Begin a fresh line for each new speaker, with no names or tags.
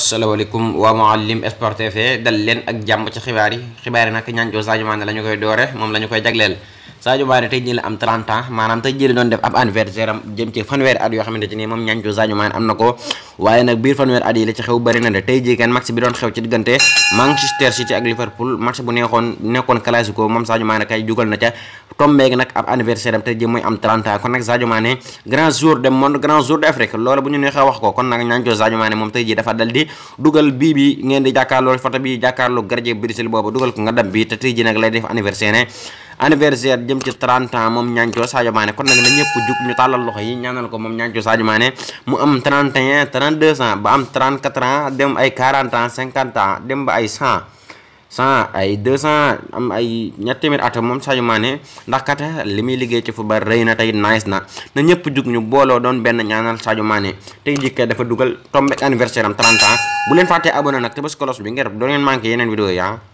asalaamaaleykum waa Mouhalim mu TV dal leen ak jàmm ci xibaar yi xibaar yi nag ñaan joo saa Mané la ñu koy doore moom la ñu koy jagleel Sadio Mané tey jii am 30 maanaam tey jii doon def ab anniversaire am jëm ci fanweeri at yoo xamante ci xew bëri na de tey kay jugal na ca tombeeg nag ab anniversaire am tey jii mooy am 30 ans nag lay def anniversaire anniversaire jëm ci 30 ans moom ñancoo Sadio Mané kon nag na ñëpp jug ñu tàllal loxo yi ñaanal ko moom ñancoo Sadio Mané mu am 31 32 ans ba am 34 ans dem ay 40 ans 50 ans dem ba ay 100 cent ay deux cent am ay ñetti téeméer at moom Sadio Mané ndax kat li muy liggéey ci football rëy na tey nice na na ñëpp jug ñu booloo doon benn ñaanal Sadio Mané tey jikkee dafa dugal tombé anniversaire am 30 ans bu leen fàttee abonné nag te bés kolos bi ngir doo leen manqué yeneen vidéo yaa